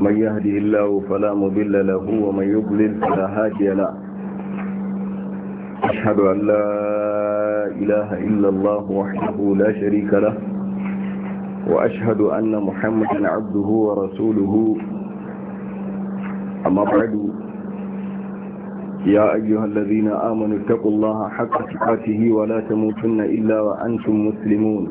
من يهدي الله فلا مضل له ومن يضلل فلا هادي له أشهد أن لا إله إلا الله وحده لا شريك له وأشهد أن محمدا عبده ورسوله أما بعد يا أيها الذين آمنوا اتقوا الله حق تقاته ولا تموتن إلا وأنتم مسلمون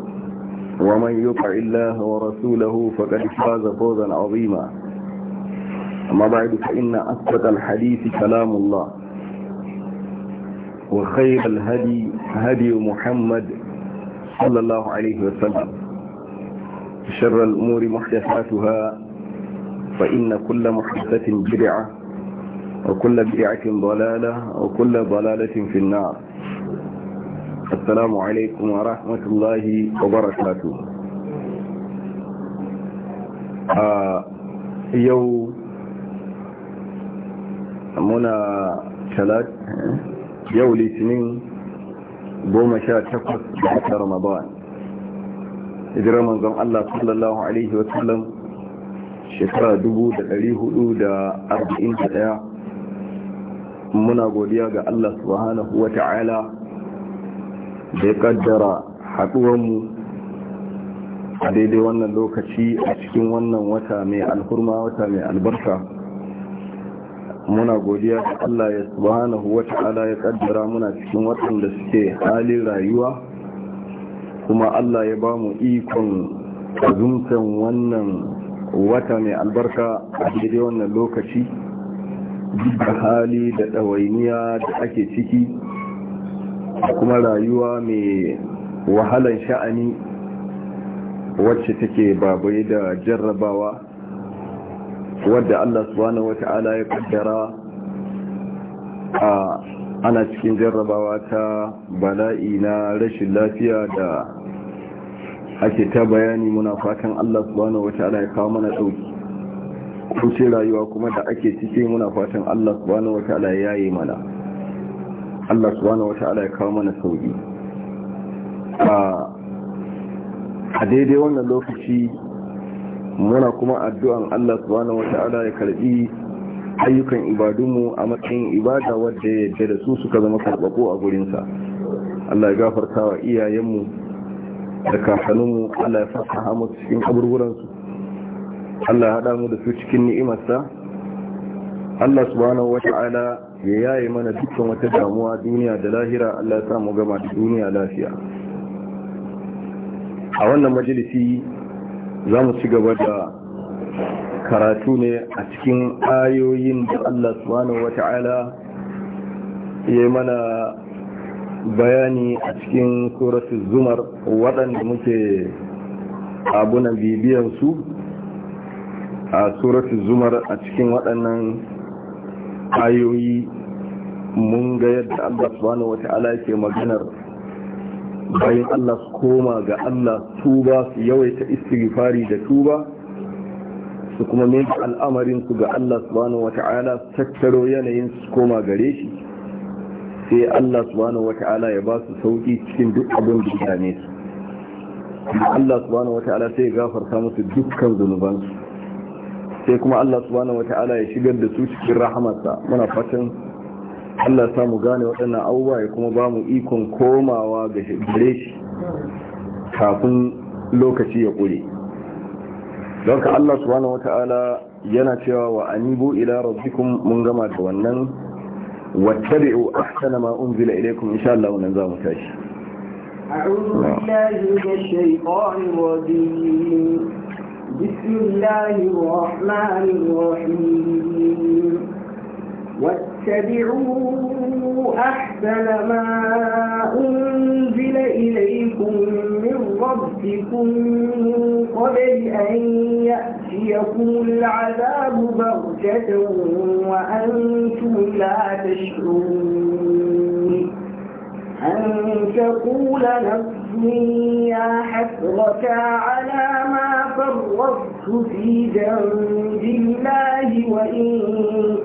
ومن يطع الله ورسوله فقد فاز فوزا عظيما أما بعد فإن أثبت الحديث كلام الله وخير الهدي هدي محمد صلى الله عليه وسلم شر الأمور محدثاتها فإن كل محدثة بدعة وكل بدعة ضلالة وكل ضلالة في النار السلام عليكم ورحمة الله وبركاته يو منا شلات يو لسنين goma sha takwas da wata ramadan hijirar manzon Allah sallallahu alaihi wa sallam shekara dubu da ɗari hudu da arba'in da ɗaya muna godiya ga Allah subhanahu wa da ya kaddara haɗuwanmu a daidai wannan lokaci a cikin wannan wata mai alhurma wata mai albarka muna godiya da Allah ya subhanahu wa ta'ala ya kaddara muna cikin waɗanda suke halin rayuwa kuma Allah ya ba mu ikon azumtan wannan wata mai albarka a daidai wannan lokaci da hali da ɗawainiya da ake ciki da kuma rayuwa mai wahalan sha'ani wacce take babai da jarrabawa wadda Allah subhanahu wata'ala ya kaddara a ana cikin jarrabawa ta bala'i na rashin lafiya da ake ta bayani muna fatan Allah subhanahu wata'ala ya kawo mana dauki kuce rayuwa kuma da ake cike muna fatan Allah subhanahu wata'ala ya yaye mana Allah subhanahu ala ya kawo mana sauki a daidai wannan lokaci muna kuma addu'an Allah subhanahu ala ya karbi ayyukan ibadunmu a matsayin ibada wadda ya da su suka zama karɓaƙo a gurinsa Allah ya gafarta wa iyayenmu da kakanninmu Allah ya fasa hamu cikin aburburansu. Allah ya haɗa mu da su cikin ni'imarsa Allah subhanahu ala. ya yaye mana dukkan wata damuwa duniya da lahira Allah ya samu gama da duniya lafiya a wannan majalisi za mu ci gaba da karatu ne a cikin ayoyin da Allah subhanahu ta'ala ya mana bayani a cikin suratul zumar waɗanda muke abunan bibiyansu a suratul zumar a cikin waɗannan ayoyi mun ga yadda Allah subhanahu ta'ala yake maganar bayan Allah su koma ga Allah tuba su yawaita istighfari da tuba su kuma mai al'amarin su ga Allah subhanahu wata'ala tattaro yanayin su koma gare shi sai Allah subhanahu ta'ala ya ba su sauki cikin duk abin da ya su Allah subhanahu ta'ala sai ya gafarta musu dukkan zunubansu sai kuma Allah subhanahu wata'ala ya shigar da su cikin rahamarsa muna fatan Allah ya samu gane waɗannan abubuwa ya kuma ba mu ikon komawa ga gare shi kafin lokaci ya ƙure don ka Allah subhanahu wata'ala yana cewa wa anibu ila rabbikum mun gama da wannan wattabi'u ahsana ma unzila ilaykum insha Allah wannan za mu tashi أعوذ بالله من الشيطان الرجيم بسم الله الرحمن الرحيم واتبعوا أحسن ما أنزل إليكم من ربكم من قبل أن يأتيكم العذاب بغتة وأنتم لا تشعرون أن تقول نفسي يا حسرة على ما فَرَّطْتُ فِي ذَنبِ اللَّهِ وَإِن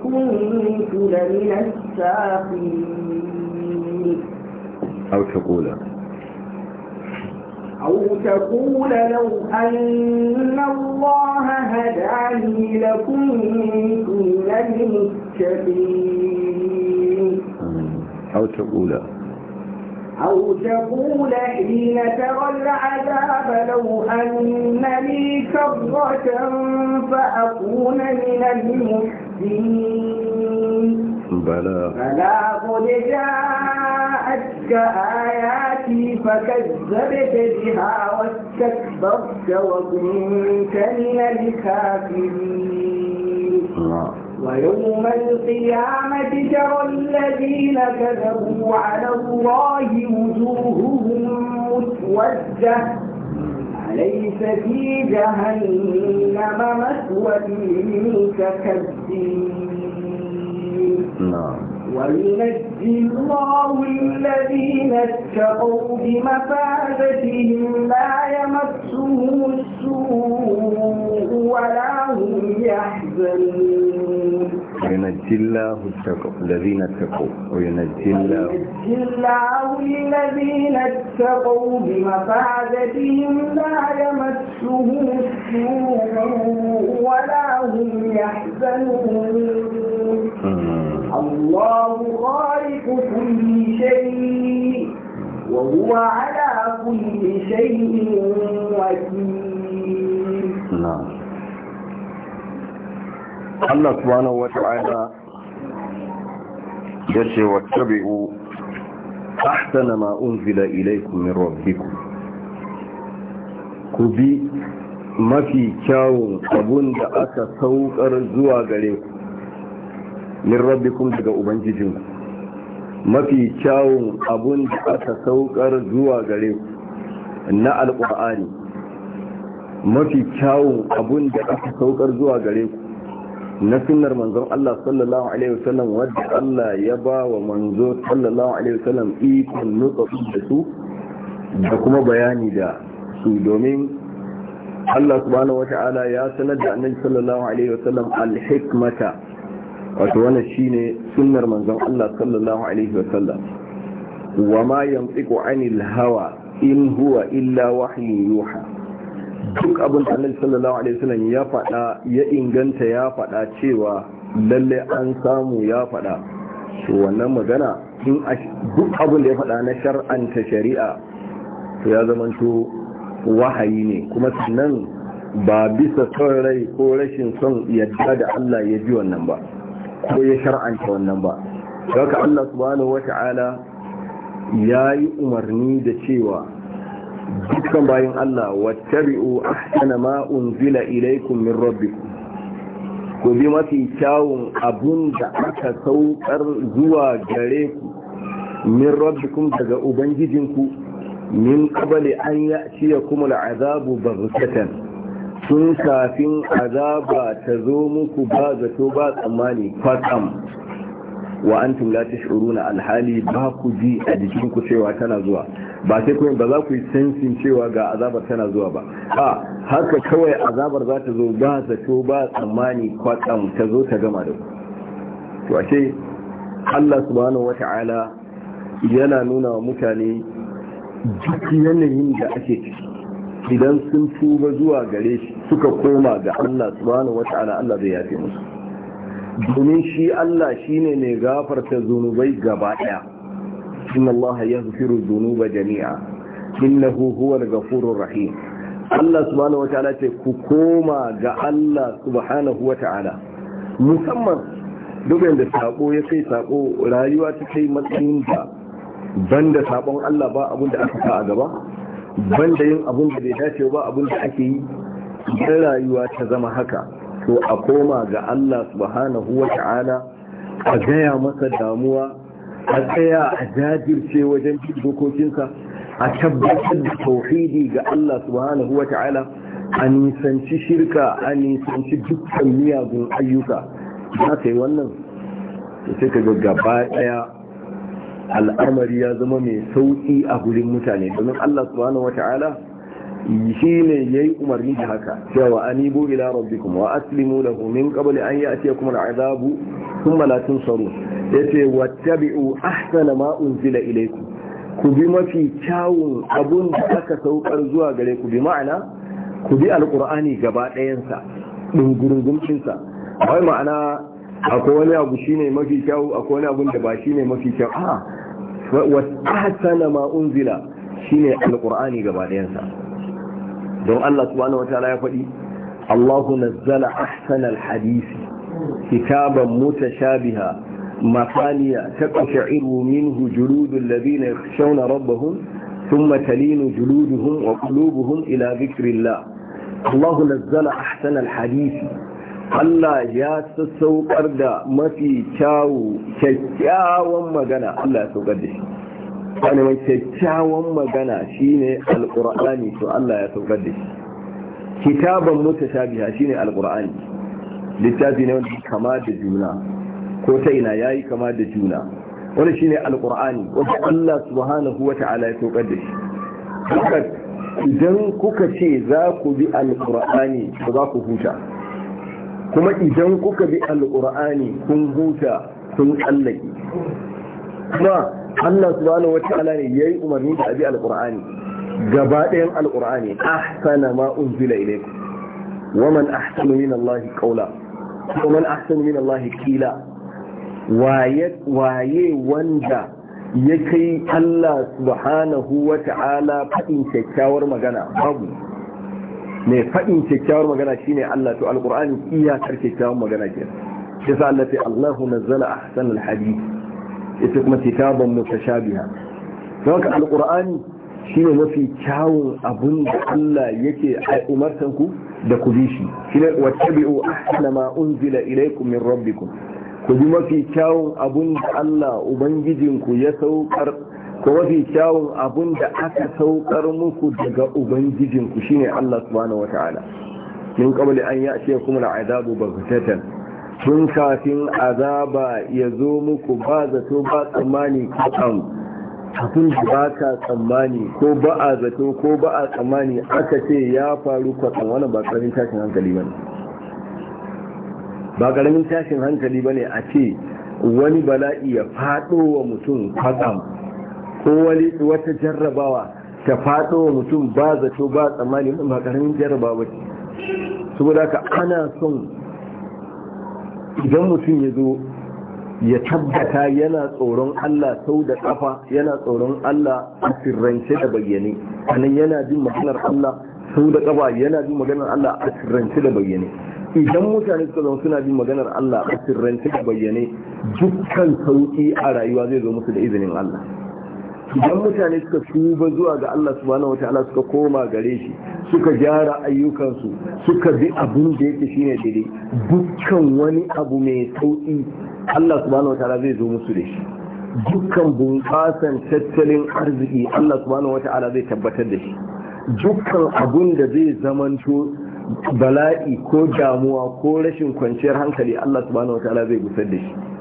كُنتُ لَمِنَ السَّاخِرِينَ أو تقول أو تقول لو أن الله هداني لكنت لمن المتقين أو تقول أو تقول حين ترى العذاب لو أن لي كرة فأكون من المحسنين بلى فلا قد جاءتك آياتي فكذبت بها واستكبرت وكنت من الكافرين نعم. ويوم القيامة ترى الذين كذبوا على الله وجوههم مسودة أليس في جهنم مثوى للمتكبرين نعم وينجي الله الذين اتقوا بمفازتهم لا يمسهم السوء ولا هم يحزنون وينجي الله الذين اتقوا وينجي الله الذين اتقوا بمفازتهم لا يمسهم السوء ولا هم يحزنون الله خالق كل شيء وهو على كل شيء وكيل نعم الله سبحانه وتعالى يشي واتبعوا أحسن ما أنزل إليكم من ربكم كبي ما في كاو أبون دعاك سوكر زواغ عليكم min rabbikum daga ubangijinku mafi kyawun abun da aka saukar zuwa gare ku na alƙur'ani mafi kyawun abun da aka saukar zuwa gare ku na sunnar manzon Allah sallallahu alaihi wasallam wadda Allah ya ba wa manzo sallallahu alaihi wasallam ikon nutsatsu da su da kuma bayani da su domin Allah subhanahu ta'ala ya sanar da annabi sallallahu alaihi wasallam al-hikmata wato wannan shine sunnar manzon Allah sallallahu alaihi wasallam wa ma yantiqu anil hawa in huwa illa wahyi yuha duk abin da Annabi sallallahu alaihi wasallam ya fada ya inganta ya fada cewa lalle an samu ya fada to wannan magana in duk abin da ya fada na shar'anta shari'a to ya zamanto wahayi ne kuma sannan ba bisa son rai ko rashin son yadda da Allah ya ji wannan ba ko ya shar'anta wannan ba haka Allah subhanahu wata'ala ya yi umarni da cewa dukkan bayan Allah wattabi'u ahsana ma unzila ilaykum min rabbikum ku bi mafi kyawun abun da aka saukar zuwa gare ku min rabbikum daga ubangijinku min qabli an ya'tiyakum azabu baghtatan Sun kafin azaba ta zo muku ba zato ba tsammani kwatsam wa an tumla shuru na alhali ba ku ji a jikinku cewa tana zuwa ba sai kuma ba za ku yi sensin cewa ga azabar tana zuwa ba a haka kawai azabar za ta zo ba zato ba tsammani kwatsam ta zo ta gama da ku to ashe Allah subhanahu wata'ala yana nuna wa mutane duk yanayin da ake ciki idan sun tuba zuwa gare shi suka koma ga Allah subhanahu wata'ala Allah zai yafe musu domin shi Allah shine mai gafarta zunubai gaba daya inna Allah yaghfiru dhunuba jami'a innahu huwal ghafurur rahim Allah subhanahu wata'ala ce ku koma ga Allah subhanahu wata'ala musamman duk da sako ya kai sako rayuwa ta kai matsayin da banda sabon Allah ba abinda da aka sa a gaba banda yin abun da bai dace ba abun da ake yi idan rayuwa ta zama haka to a koma ga Allah subhanahu wa ta'ala a gaya masa damuwa a tsaya a jajirce wajen dokokinsa a tabbatar da tauhidi ga Allah subhanahu wa ta'ala a nisanci shirka a nisanci dukkan miyagun ayyuka za ta yi wannan sai ka gaggaba gaba daya al'amari ya zama mai sauƙi a gurin mutane domin Allah subhanahu wata'ala shi ne ya yi umarni da haka cewa an yi buri la kuma. wa aslimu lahu min qabli an ya'tiyakum al'azabu thumma la tunsaru yace wattabi'u ahsana ma unzila ilaiku ku bi mafi kyawun abun da aka saukar zuwa gare ku bi ma'ana ku bi alqur'ani gaba ɗayansa dungurungumcinsa wai ma'ana akwai wani abu shi ne mafi kyau akwai wani abu da ba shi ne mafi kyau a wata hassana ma'un zila shi ne alƙur'ani gaba ɗayansa don Allah subhanahu wa ta'ala ya faɗi Allahu nazzala ahsana alhadisi kitaban mutashabiha mafaniya ta ƙashi'iru min juludu alladhina yakhshawna rabbahum thumma talinu juluduhum wa qulubuhum ila dhikrillah Allahu nazzala ahsana hadisi. Allah ya sassaukar da mafi kyawu kyakkyawan magana Allah ya saukar da shi wani mai kyakkyawan magana shine alqur'ani to Allah ya saukar da shi kitaban mutashabiha shine alqur'ani littafi ne wanda kama da juna ko ta ina yayi kama da juna wani shine alqur'ani wanda Allah subhanahu wata'ala ya saukar da shi idan kuka ce za ku bi alqur'ani ba za ku huta kuma idan kuka bi alqur'ani kun huta kun tsallake kuma Allah subhanahu wataala ne yayi umarni da abi alqur'ani gabaɗayan ɗayan alqur'ani ahsana ma unzila ilaykum wa man ahsanu min Allah qawla wa man min Allah qila waye waye wanda ya kai Allah subhanahu wa ta'ala faɗin kyakkyawar magana babu mai faɗin kyakkyawar magana shine Allah to alqur'ani iyakar kyakkyawar magana ke shi sa Allah ta Allahu nazzala ahsan alhadith ita kuma kitaban mutashabiha don haka alqur'ani shine mafi kyawun abun da Allah yake umartan ku da ku bi shi shine wattabi'u ahsana ma unzila ilaykum min rabbikum ku bi mafi kyawun abun da Allah ubangijinku ya saukar ko mafi kyawun abun da aka saukar muku daga ubangijinku shine Allah subhanahu wata'ala min qabli an ce kuma na azabu ku baghtatan tun kafin azaba ya zo muku ba zato ba tsammani ko kan abin da ba ka tsammani ko ba a zato ko ba a tsammani aka ce ya faru kwatsan wani ba karamin tashin hankali ba ne ba karamin tashin hankali ba ne a ce wani bala'i ya faɗo wa mutum kwatsan ko wani wata jarrabawa ta faɗo wa mutum ba zato ba tsammani ba ƙaramin jarrabawa ce saboda ka ana son idan mutum ya zo ya tabbata yana tsoron Allah sau da kafa yana tsoron Allah a sirrance da bayyane anan yana jin maganar Allah sau da kafa yana jin maganar Allah a sirrance da bayyane idan mutane suka zama suna jin maganar Allah a sirrance da bayyane dukkan sauki a rayuwa zai zo musu da izinin Allah idan mutane suka tuba zuwa ga Allah subhanahu wataala suka koma gare shi suka gyara ayyukansu suka bi abin da yake shine daidai dukkan wani abu mai sauki Allah subhanahu wataala zai zo musu da shi dukkan bunƙasan tattalin arziki Allah subhanahu wata'ala zai tabbatar da shi dukkan abun da zai zamanto bala'i ko damuwa ko rashin kwanciyar hankali Allah subhanahu wata'ala zai gusar da shi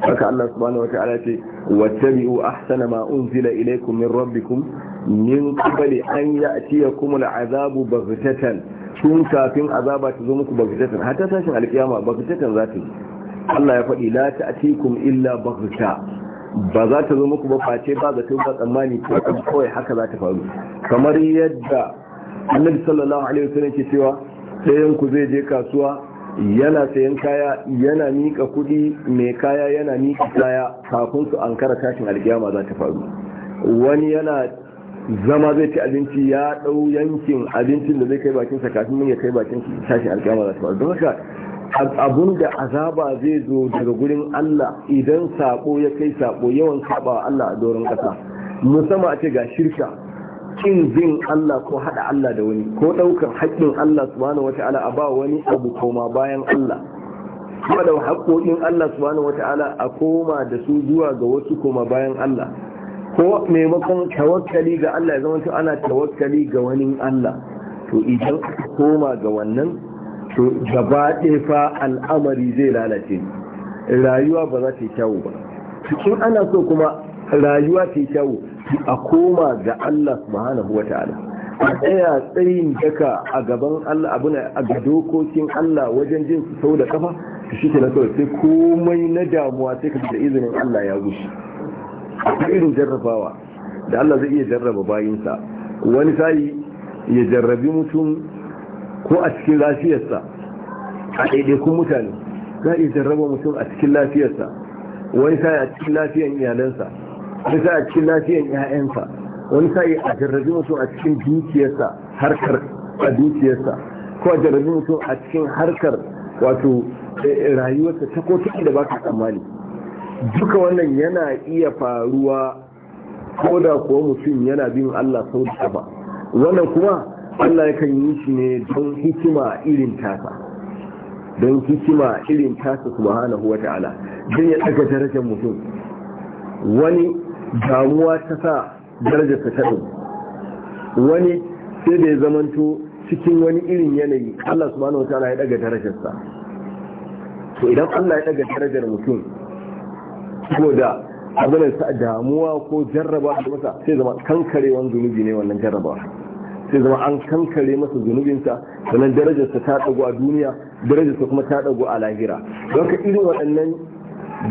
haka Allah subhanahu wata'ala ce wattabi'u ahsana ma unzila ilaykum min rabbikum min qabli an ya'tiyakum al'azabu baghtatan tun kafin azaba ta zo muku baghtatan hatta tashin alkiyama baghtatan za ta yi Allah ya faɗi la ta'tikum illa baghta ba za ta zo muku ba face ba zato ba tsammani ko kawai haka za ta faru kamar yadda annabi sallallahu alaihi wasallam ke cewa ɗayan ku zai je kasuwa yana sayan kaya yana mika kudi mai kaya yana mika kaya kafin su ankara tashin alkiyama za ta faru wani yana zama zai ci abinci ya dau yankin abincin da zai kai bakin sa kafin ya kai bakin tashin alkiyama za ta faru don haka abun da azaba zai zo daga gurin Allah idan sako ya kai sako yawan saba Allah a doron kasa musamman a ce ga shirka kin zin Allah ko haɗa Allah da wani ko ɗaukar haƙƙin Allah subhanahu wata'ala a ba wani abu koma bayan Allah kuma da haƙƙoƙin Allah subhanahu wata'ala a koma da su zuwa ga wasu koma bayan Allah ko maimakon tawakkali ga Allah ya zama ana tawakkali ga wani Allah to idan koma ga wannan to gaba ɗaya fa al'amari zai lalace rayuwa ba za ta yi kyawu ba cikin ana so kuma rayuwa ta yi kyawu a koma ga Allah subhanahu wa ta'ala a tsaya tsayin daka a gaban Allah abuna a ga dokokin Allah wajen jin su sau da kafa shi ke na kawai sai komai na damuwa sai ka da izinin Allah ya gushi akwai irin jarrabawa da Allah zai iya jarraba bayinsa wani sayi ya jarrabi mutum ko a cikin lafiyarsa a ɗaiɗaikun mutane za a iya jarraba mutum a cikin lafiyarsa wani sayi a cikin lafiyar iyalansa bisa a cikin lafiyan 'ya'yansa wani sa'i a jarrabi mutum a cikin dukiyarsa harkar a dukiyarsa ko a jarrabi mutum a cikin harkar wato eh, eh, rayuwarsa ta ko da da ka tsammani duka wannan yana iya faruwa ko da kuwa mutum yana bin Allah sau da ba wannan kuma Allah ya kan yi shi ne don hikima irin tasa don hikima irin tasa subhanahu ta'ala don ya daga darajar mutum wani damuwa ta sa darajarsa ta ɗau wani sai da ya zamanto cikin wani irin yanayi Allah subhanahu wata ya daga darajarsa to idan Allah ya daga darajar mutum ko da abin sa damuwa ko jarraba da masa sai zama kankare wani zunubi ne wannan jarraba sai zama an kankare masa zunubinsa sannan darajarsa ta dago a duniya darajarsa kuma ta dago a lahira don ka irin waɗannan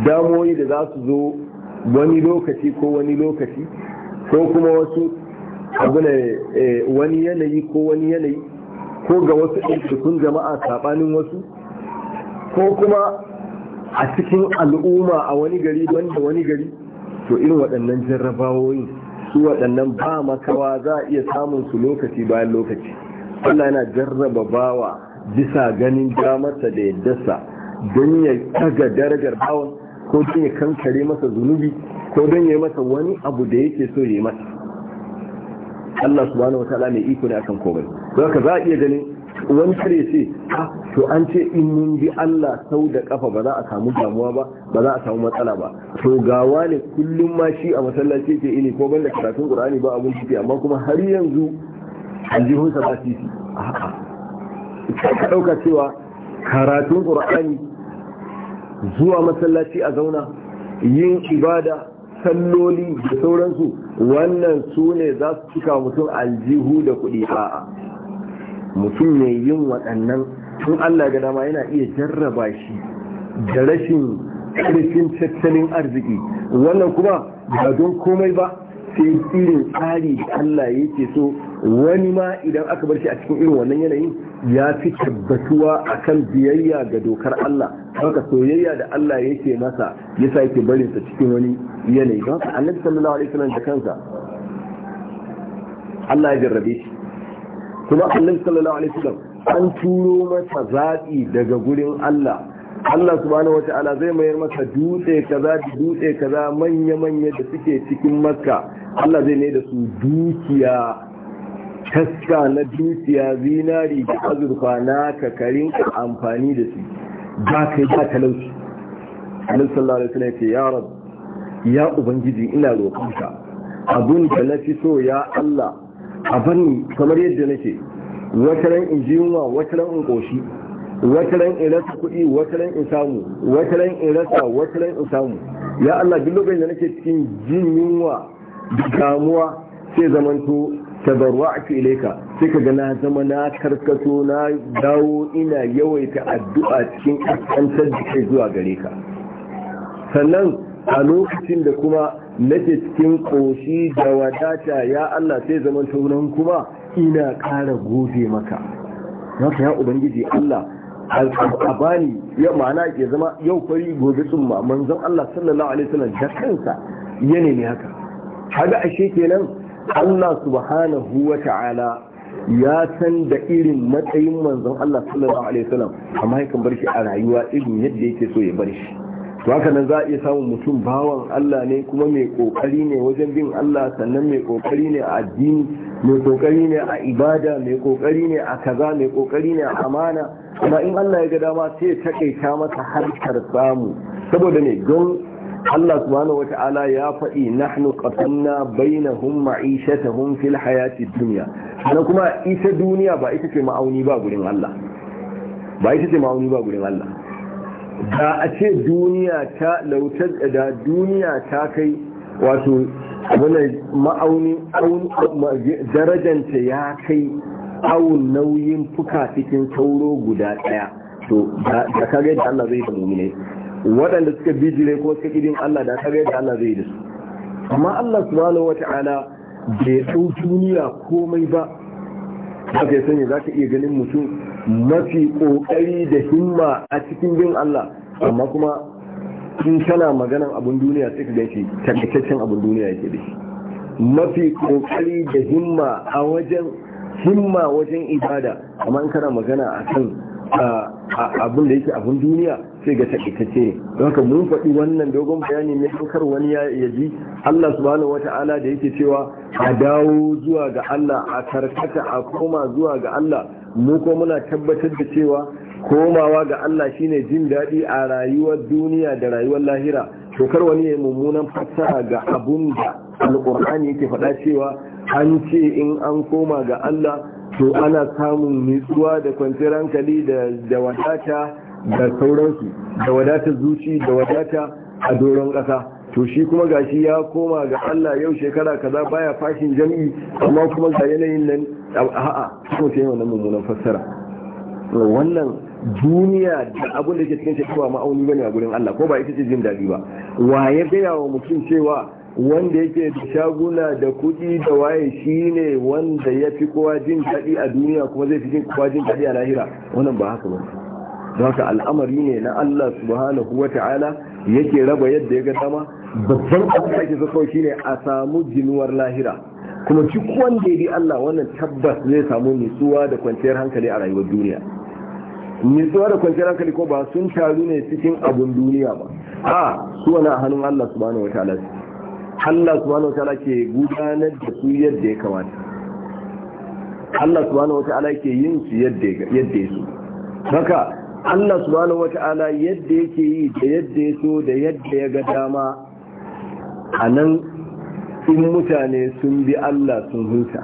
damoyi da za su zo wani lokaci ko wani lokaci ko kuma wasu abuna eh, wani yanayi ko wani yanayi ko ga wasu ɗaiɗaikun jama'a saɓanin wasu ko kuma a cikin al'umma a wani gari wanda wani gari to irin waɗannan jarrabawoyin su waɗannan ba makawa za a iya samun su lokaci bayan lokaci Allah yana jarraba bawa bisa ganin damarsa da yaddarsa don ya ɗaga darajar bawan ko don ya kankare masa zunubi ko don ya yi masa wani abu da yake so ya yi masa Allah subhanahu wataala mai iko ne akan komai don haka za a iya ganin wani kare ce ah, to an ce in mun bi Allah sau da kafa ba za a samu damuwa ba ba za a samu matsala ba to gawa ne kullum ma shi a masallaci ke ini ko banda karatun Qur'ani ba abun ciki amma kuma har yanzu aljihunsa ba sisi a'a ka dauka cewa karatun Qur'ani zuwa masallaci a zauna yin ibada salloli da sauransu wannan su ne za su cika mutum aljihu da kuɗi a'a mutum ne yin waɗannan tun Allah ga dama yana iya jarraba shi da rashin ƙarfin tattalin arziki wannan kuma ba don komai ba sai irin tsari da Allah yake so wani ma idan aka bar shi a cikin irin wannan yanayin ya fi tabbatuwa akan biyayya ga dokar Allah haka soyayya da Allah yake masa ya yake barin sa cikin wani yanayi don haka annabi sallallahu alaihi wasallam da kansa Allah ya jarrabe shi kuma annabi sallallahu alaihi wasallam an turo masa zaɓi daga gurin Allah Allah subhanahu wata'ala zai mayar masa dutse kaza da dutse kaza manya-manya da suke cikin makka Allah zai ne da su dukiya taska na dukiya zinari da azurfa na kakarin amfani da su ba yi ba talauci annabi sallallahu alaihi wasallam ce ya rabu ya ubangiji ina roƙonka abin da na fi so ya Allah abin kamar yadda nake wata ran in ji yunwa wata ran in ƙoshi wata ran in rasa kuɗi wata ran in samu wata ran in rasa wata ran in samu ya Allah duk lokacin da nake cikin jin yunwa da damuwa sai zamanto tabarwa'tu ilayka sai kaga na zama na karkaso na dawo ina yawaita addu'a cikin kaskantar da kai zuwa gare ka sannan a lokacin da kuma nake cikin koshi da wadata ya Allah sai zaman tauran kuma ina ƙara gode maka haka ya ubangiji Allah al-abani ya ma'ana ke zama yau fari gobe sun ma manzon Allah sallallahu alaihi wasallam da kansa ya nemi haka haga ashe kenan Allah subhanahu wa ta'ala ya san da irin matsayin manzon Allah sallallahu alaihi wasallam amma yakan bar shi a rayuwa irin yadda yake so ya bar shi to haka nan za a iya samun mutum bawan Allah ne kuma mai kokari ne wajen bin Allah sannan mai kokari ne a addini mai kokari ne a ibada mai kokari ne a kaza mai kokari ne a amana amma in Allah ya ga dama sai ya takaita masa harkar samu saboda ne don Allah subhanahu wata'ala ya faɗi nahnu qatanna bainahum ma'ishatahum fil hayati dunya sannan kuma ita duniya ba ita ce ma'auni ba gurin Allah ba ita ce ma'auni ba gurin Allah da a ce duniya ta lautar da duniya ta kai wato wannan ma'auni darajanta ya kai awun nauyin fuka cikin sauro guda ɗaya to da kage da Allah zai da mu'mini waɗanda suka bijire ko suka ƙirin Allah da ta da Allah zai da su amma Allah subhanahu wata'ala bai ɗau duniya komai ba haka ya sanya za ka iya ganin mutum mafi ƙoƙari da himma a cikin bin Allah amma kuma in kana maganan abin duniya sai ka gan shi takaitaccen abin duniya yake da shi mafi ƙoƙari da himma a wajen himma wajen ibada amma in kana magana a kan abin da yake abin duniya sai ga taƙaitacce ne don ka mun faɗi wannan dogon bayani mai hankar wani ya ji Allah subhanahu Ta'ala da yake cewa a dawo zuwa ga Allah a karkata a koma zuwa ga Allah mu ko muna tabbatar da cewa komawa ga Allah shine jin daɗi a rayuwar duniya da rayuwar lahira to kar wani ya mummunan fassara ga abun da alƙur'ani yake faɗa cewa an ce in an koma ga Allah to ana samun nutsuwa da kwanciyar hankali da wadata da sauransu da wadata zuci da wadata a doron ƙasa to shi kuma gashi ya koma ga Allah yau shekara kaza baya fashin jami'i amma kuma ga yanayin nan a'a kuma sai wannan mummunan fassara wannan duniya da abin da ke cikin shi ba ma'auni bane a gurin Allah ko ba ita ce jin daɗi ba wa ya gaya wa mutum cewa wanda yake da shaguna da kudi da waye shine wanda ya fi kowa jin daɗi a duniya kuma zai fi kowa jin daɗi a lahira wannan ba haka ba don haka al'amari ne na Allah subhanahu wa ta'ala yake raba yadda ya ga dama babban abin da yake so kawai shine a samu jinuwar lahira kuma duk wanda ya bi Allah wannan tabbas zai samu nutsuwa da kwanciyar hankali a rayuwar duniya nutsuwa da kwanciyar hankali ko ba sun taru ne cikin abun duniya ba a su wani a hannun Allah subhanahu wa ta'ala Allah subhanahu wataala ke gudanar da su yadda ya kamata Allah subhanahu wataala ke yin su yadda ya so haka Allah subhanahu wataala yadda yake yi da yadda ya so da yadda ya ga dama a nan in mutane sun bi Allah sun huta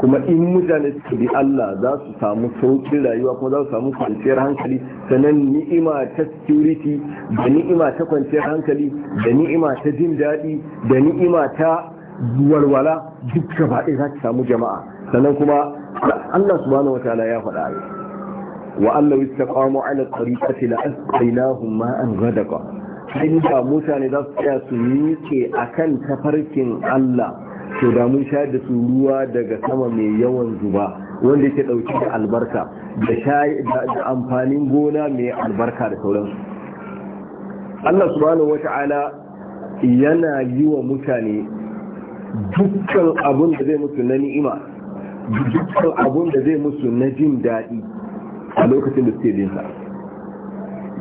kuma in mutane su bi Allah za su samu sauƙin rayuwa kuma za su samu kwanciyar hankali sannan ni'ima ta security da ni'ima ta kwanciyar hankali da ni'ima ta jin daɗi da ni'ima ta walwala duk gaba ɗaya za ta samu jama'a sannan kuma Allah subhanahu wataala ya faɗa ne wa Allah istaqamu ala tariqati la asqaynahum ma'an ghadaqa sai mutane za su tsaya su miƙe akan tafarkin Allah to da mun sha da su ruwa daga sama mai yawan zuba wanda yake dauki da albarka da amfanin gona mai albarka da sauransu Allah subhanahu wata'ala yana yi wa mutane dukkan abun da zai musu na ni'ima dukkan abun da zai musu na jin daɗi a lokacin da suke sa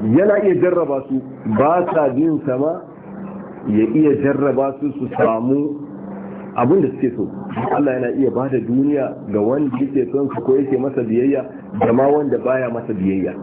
yana iya jarraba su ba sa jin sama ya iya jarraba su su samu abin da suke so Allah yana iya bada duniya ga wanda yake son su ko yake masa biyayya da ma wanda baya masa biyayya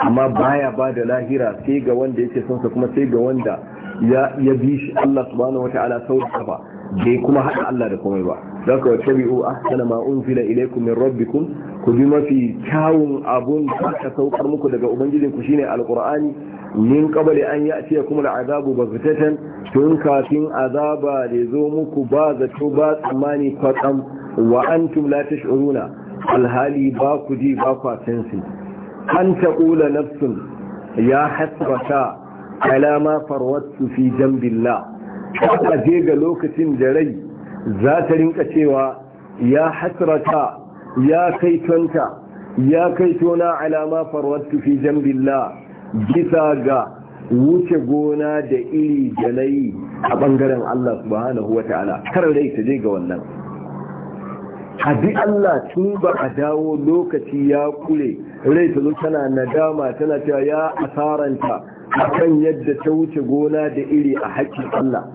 amma baya bada lahira sai ga wanda yake son su, kuma sai ga wanda ya ya bi shi Allah subhanahu wataala sau ba bai kuma hada Allah da komai ba zaka wa tabi'u ahsana ma unzila ilaykum min rabbikum ku bi mafi kyawun abun da aka saukar muku daga ubangijin ku shine alqur'ani min qabli an ya'ti kuma al'azabu baghtatan tun kafin azaba da zo muku ba zato ba tsammani kwatsam wa antum la tash'uruna alhali ba ku ji ba ku sansi an taqula nafsun ya hasrata ala ma farwattu fi jambillah ka je ga lokacin da rai za ta rinka cewa ya hasrata ya kai tonta ya kai tona alama farwattu fi jambillah bisa ga wuce gona da iri da nayi a ɓangaren Allah subhanahu wataala ta'ala kar dai ta je ga wannan hadi Allah tun ba a dawo lokaci ya kure rai ta zo tana nadama tana cewa ya asaranta akan yadda ta wuce gona da iri a hakkin Allah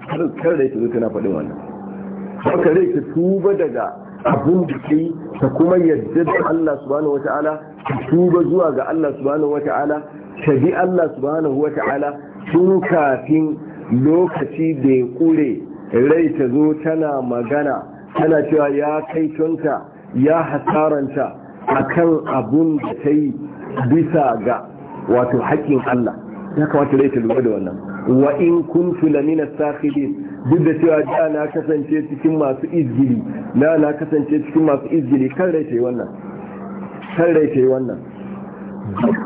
kar dai ta zo tana faɗin wannan haka rai ta tuba daga abin da ke ta kuma yadda da Allah subhanahu wata'ala ta tuba zuwa ga Allah subhanahu ta'ala ta bi Allah subhanahu ta'ala tun kafin lokaci da ya kure rai ta zo tana magana tana cewa ya kai tunta ya hasaranta a kan abun da ta yi bisa ga wato haƙƙin Allah ya kamata rai ta lura da wannan wa in kuntu lamina sakhidin duk da cewa da na kasance cikin masu izgili na kasance cikin masu izgili kan rai ce wannan kan rai ce wannan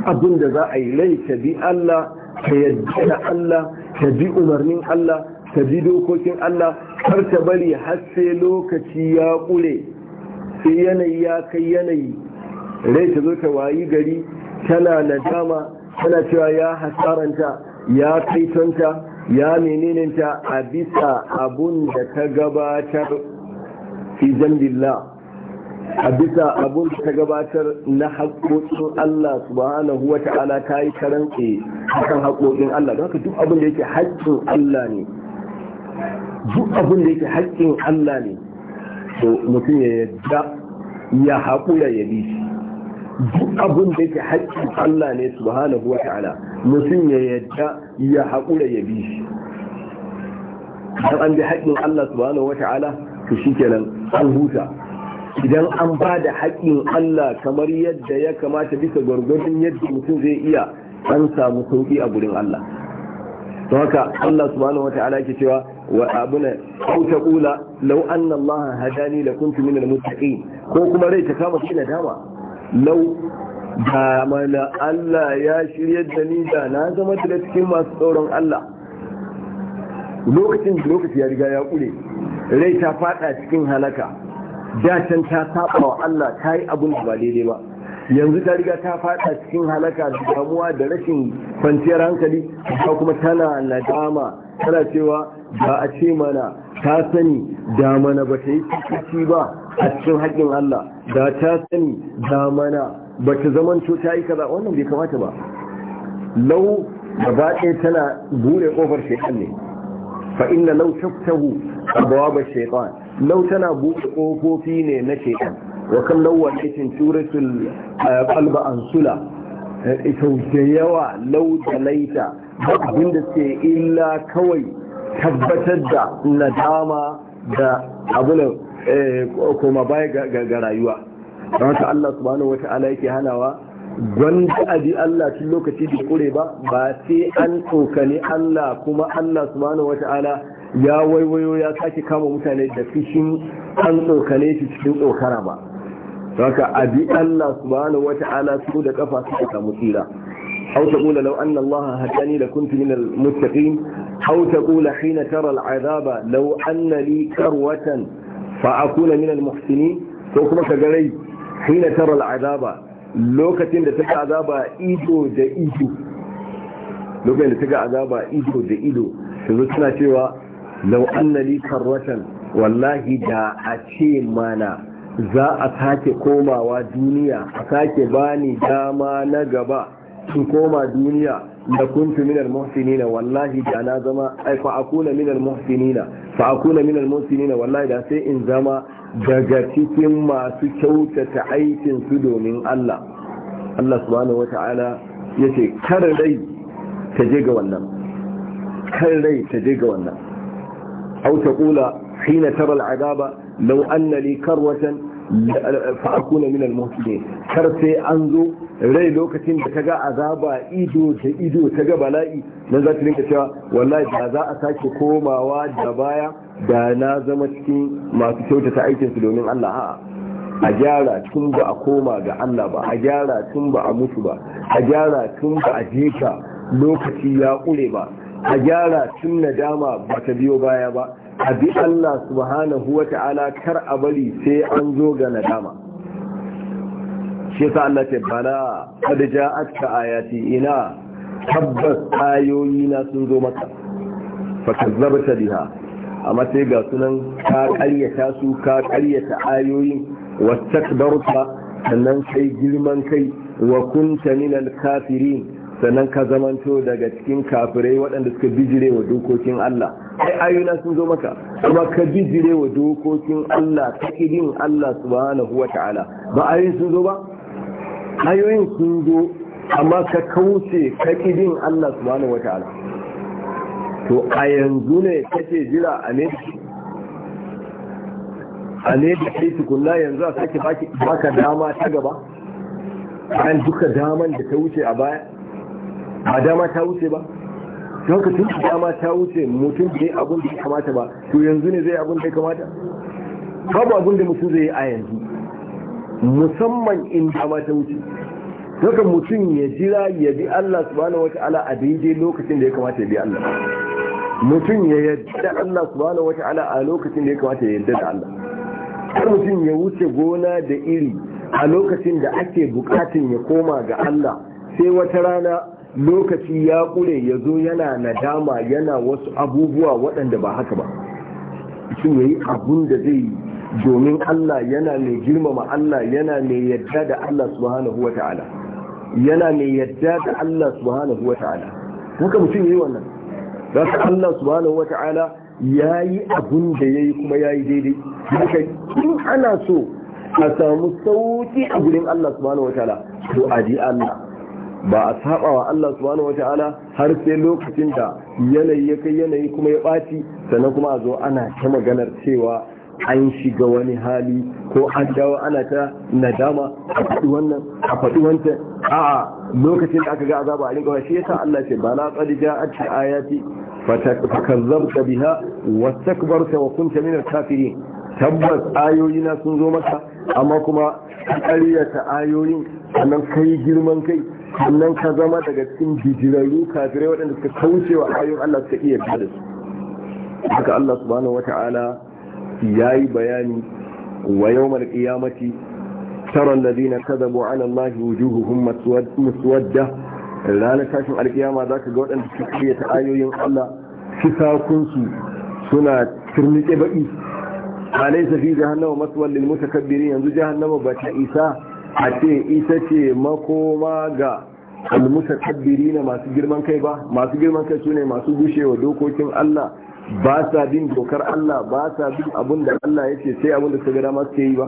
abin da za a yi rai ka bi Allah ka yadda da Allah ka bi umarnin Allah ka bi dokokin Allah kar ta bari har sai lokaci ya kure sai yanayi ya kai yanayi rai ta zo ta wayi gari tana nadama tana cewa ya hasaranta ya kaitonta ya meneninta a bisa abun da ta gabatar fi zambilla a bisa abun da ta gabatar na haƙoƙin Allah subhanahu wa ta'ala ta yi a kan haƙoƙin Allah don haka duk abun da yake haƙƙin Allah ne duk abun da yake haƙƙin Allah ne to mutum ya yadda ya haƙura ya bi duk abun da yake haƙƙin Allah ne subhanahu wa ta'ala mutum ya yadda ya haƙura ya bi shi idan an bi haƙin Allah subhanahu wa ta'ala to shikenan an huta idan an ba da haƙƙin Allah kamar yadda ya kamata bisa gwargwadon yadda mutum zai iya an samu sauƙi a gurin Allah to haka Allah subhanahu wa ta'ala ke cewa wa abuna ko ta kula law anna Allah hadani la kuntu minal muttaqin ko kuma rai ta kama shi nadama law da mana Allah ya shirya da ni da na zama da cikin masu tsoron Allah lokacin da lokaci ya riga ya kure rai ta fada cikin halaka da can ta saba wa Allah ta yi abin da ba daidai ba yanzu ta riga ta fada cikin halaka da damuwa da rashin kwanciyar hankali ta kuma tana nadama tana cewa ba a ce mana ta sani da mana ba ta yi cikin ba a cikin haƙƙin Allah da ta sani da mana ba ta zamanto ta yi kaza wannan bai kamata ba lau ba baɗe tana bude ƙofar shaitan ne fa inna lau taftahu ba shaitan lau tana bude ƙofofi ne na shaitan wa kan wa cikin suratul eh, qalba sula ita eh, da yawa lau da laita abinda ce illa kawai tabbatar da nadama da abu eh, koma baya ga rayuwa don haka Allah subhanahu wata'ala yake hanawa gwanda abi Allah tun lokaci da kure ba ba sai an tsokani Allah kuma Allah subhanahu wata'ala ya waiwayo ya sake kama mutane da fishin an tsokane shi cikin tsokara ba ka abi Allah subhanahu wata'ala su da kafa suka samu tsira أو تقول لو أن الله هداني لكنت من المتقين أو تقول حين ترى العذاب لو أن لي كروة فأكون من المحسنين فأكون كجري hina tara al'azaba lokacin da suka azaba ido da ido lokacin da suka azaba ido da ido su zo suna cewa lau annali karwatan wallahi da a ce mana za a sake komawa duniya a sake bani dama na gaba tun koma duniya da kuntu minal muhsinina wallahi da na zama ai fa akuna minal muhsinina fa akuna minal muhsinina wallahi da sai in zama daga cikin masu kyautata aikin su domin Allah Allah subhanahu wata'ala yace kar dai ta je ga wannan kar dai ta je ga wannan aw taqula hina tara al'adaba law anna li karwatan fa'akuna min al-muhsinin kar sai an zo rai lokacin da ta ga azaba ido da ido ta ga bala'i nan za ta rinka cewa wallahi da za a sake komawa da baya da na zama cikin masu kyautata aikin su domin Allah a'a a gyara tun ba a koma ga Allah ba a gyara tun ba a mutu ba a gyara tun ba a jika lokaci ya kure ba a gyara tun nadama ba ta biyo baya ba a bi Allah subhanahu wa ta'ala kar a bari sai an zo ga nadama shi yasa Allah ce bala ja ja'atka ayati ina tabbas ayoyi na sun zo maka fa kazzabta biha amma sai ga sunan ka ƙaryata su ka ƙaryata ayoyin wa takbarta sannan kai girman kai wa kunta al kafirin sannan ka zamanto daga cikin kafirai waɗanda suka bijire wa dokokin Allah ai ayuna sun zo maka kuma ka bijire wa dokokin Allah ta idin Allah subhanahu wa ta'ala ba ayoyin sun zo ba ayoyin sun zo amma ka kauce ka idin Allah subhanahu wa ta'ala to a yanzu ne kake jira a ne a ne da kai tukunna yanzu a sake baka dama ta gaba an duka daman da ta wuce a baya ba dama ta wuce ba lokacin da dama ta wuce mutum bai abin da ya kamata ba to yanzu ne zai abin da ya kamata babu abin da mutum zai yi a yanzu musamman in dama ta wuce saka mutum ya jira ya bi Allah subhanahu wata'ala a daidai lokacin da ya kamata ya bi Allah mutum ya yadda Allah subhanahu wata'ala a lokacin da ya kamata ya yadda da Allah har mutum ya wuce gona da iri a lokacin da ake bukatun ya koma ga Allah sai wata rana lokaci ya ƙure ya zo yana nadama yana wasu abubuwa waɗanda ba haka ba shi ya yi abun da zai yi domin Allah yana mai girmama Allah yana mai yadda da Allah subhanahu wa ta'ala yana mai yadda da Allah subhanahu wa ta'ala haka mutum ya yi wannan za su Allah subhanahu wa ta'ala ya yi abun da ya yi kuma ya yi daidai haka in ana so a samu sauki a gurin Allah subhanahu wa ta'ala to a Allah ba a saba wa Allah subhanahu wata'ala har sai lokacin da yanayi ya kai yanayi kuma ya ɓaci sannan kuma a zo ana ta maganar cewa an shiga wani hali ko an dawo ana ta nadama a faɗi wannan a faɗi wancan a lokacin da aka ga azaba a rinka shi yasa Allah ce ba na qad ja'at ayati fakazzabta biha wastakbarta wa kunta min al-kafirin tabbas ayoyina sun zo maka amma kuma ƙaryata ayoyin sannan kai girman kai sannan ka zama daga cikin bijirarru kafirai waɗanda suka kauce wa ayoyin Allah suka iya da su haka Allah subhanahu wata'ala yayi bayani wa yawmal qiyamati tara alladhina kadhabu 'ala Allah wujuhuhum muswadda ranar tashin alkiyama zaka ga waɗanda suka iya ta ayoyin Allah fisakun suna turnike baki alaysa fi jahannama maswal lil mutakabbirin yanzu jahannama ba ta isa a ce ita ce makoma ga almutakabbiri na masu girman kai ba masu girman kai su ne masu gushewa dokokin Allah ba sa bin dokar Allah ba sa bin abin da Allah ya ce sai abin da su ga masu yi ba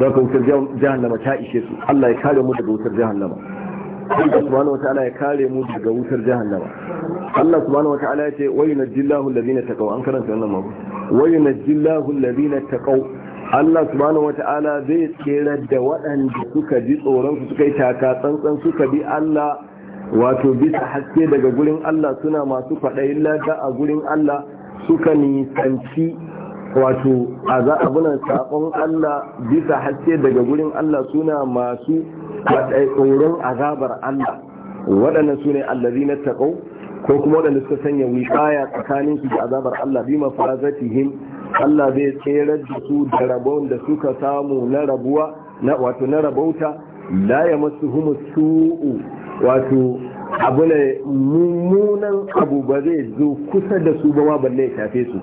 za ka wutar jahannama ta ishe su Allah ya kare mu daga wutar jahannama Allah subhanahu wataala ya kare mu daga wutar jahannama Allah subhanahu wataala ya ce wa yunajjillahu alladhina taqaw an karanta wannan mako wa yunajjillahu alladhina taqaw Allah subhanahu wata'ala zai tsere da waɗanda suka ji tsoron su suka yi taka tsantsan suka bi Allah wato bisa haske daga gurin Allah suna masu faɗayin lada a gurin Allah suka nisanci wato a za a bunan saƙon Allah bisa haske daga gurin Allah suna masu tsoron azabar Allah waɗanda su ne allazi na taƙau ko kuma waɗanda suka sanya wiƙaya tsakaninsu da azabar Allah bi mafarazatihim Allah zai tserar da su da rabon da suka samu na rabuwa wato na rabauta la masu humu su'u wato abu ne mummunan abu ba zai zo kusa da su ba ma balle ya shafe su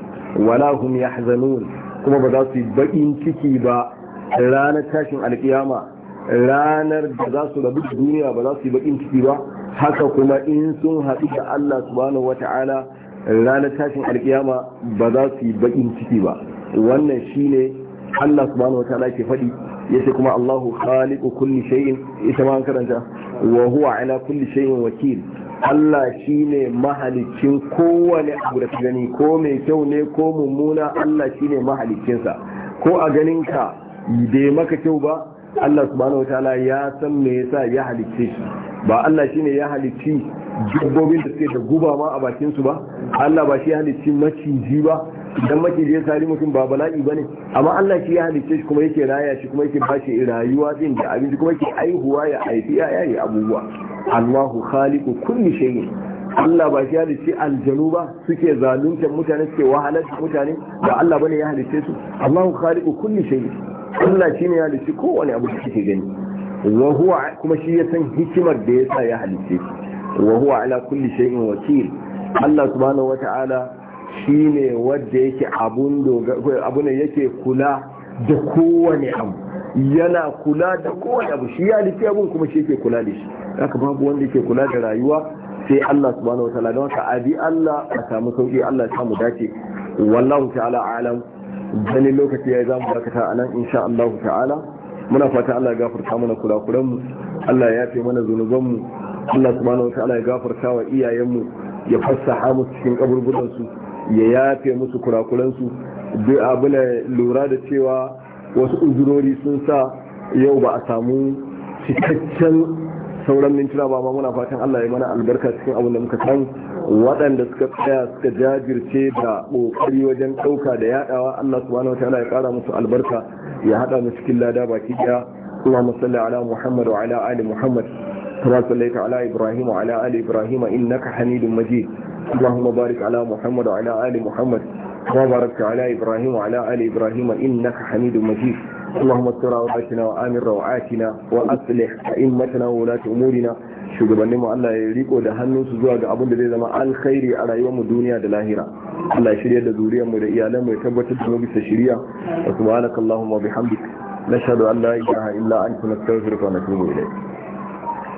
wala hum yahzanun kuma ba za su yi ciki ba ranar tashin alkiyama ranar da za su rabu da duniya ba za su yi bakin ciki ba haka kuma in sun haɗu da Allah subhanahu wata'ala ranar tashin alkiyama ba za su yi bakin ciki ba wannan shine Allah subhanahu wataala ke faɗi yace kuma Allahu khaliqu kulli shay'in ita ma an karanta wa huwa ala kulli shay'in wakil Allah shine mahalicin kowane abu da gani ko mai kyau ne ko mummuna Allah shine mahalicinsa ko a ganinka bai maka kyau ba Allah subhanahu wataala ya san me yasa ya halicce shi ba Allah shine ya halicci dabbobin da suke da guba ma a bakin su ba Allah ba shi ya halicci maciji ba idan maciji ya sari mutum ba bala'i bane amma Allah shi ya halicce shi kuma yake raya shi kuma yake bashi rayuwa din da abinci kuma yake aihuwa ya haifi ya yayi abubuwa Allahu khaliqu kulli shay'in Allah ba shi ya halicci aljanu ba suke zaluntar mutane suke wahalar mutane ba Allah bane ya halicce su Allahu khaliqu kulli shay'in Allah shine ya halicci kowane abu da kike gani wa huwa kuma shi ya san hikimar da yasa ya halicce shi wa huwa ala kulli shay'in wakil Allah subhanahu wata'ala shine wanda yake abun abun yake kula da kowane abu yana kula da kowane abu shi ya lifi abun kuma shi yake kula da shi haka babu wanda yake kula da rayuwa sai Allah subhanahu wataala don ka abi Allah a samu sauki Allah ya samu dace wallahu ta'ala alam wani lokaci ya zamu dakata anan nan insha Allah ta'ala muna fata Allah ya gafarta mana kula kuran mu Allah ya yafe mana zunuban mu Allah subhanahu wataala ya gafarta wa iyayenmu ya fassaha musu cikin kaburburan su ya yafe musu kurakuran su duk abuna lura da cewa wasu uzurori sun sa yau ba a samu cikakken sauran mintuna ba muna fatan Allah ya mana albarka cikin abin da muka san waɗanda suka tsaya suka jajirce da ƙoƙari wajen ɗauka da yaɗawa Allah subhanahu wataala ya ƙara musu albarka ya haɗa mu cikin lada baki ɗaya اللهم صل على محمد وعلى ال محمد كما صليت على إبراهيم وعلى آل إبراهيم إنك حميد مجيد اللهم بارك على محمد وعلى آل محمد كما باركت على إبراهيم وعلى آل إبراهيم إنك حميد مجيد اللهم استر عوراتنا وآمن روعاتنا وأصلح أئمتنا وولاة أمورنا shugabannin mu Allah ya riko da hannunsu zuwa ga abin da zai zama alkhairi a rayuwarmu duniya da lahira Allah ya shirya da zuriyar mu da iyalan mu ya tabbatar da mu bisa shiriya wa subhanakallahumma bihamdik nashhadu an la ilaha illa anta nastaghfiruka wa natubu ilayk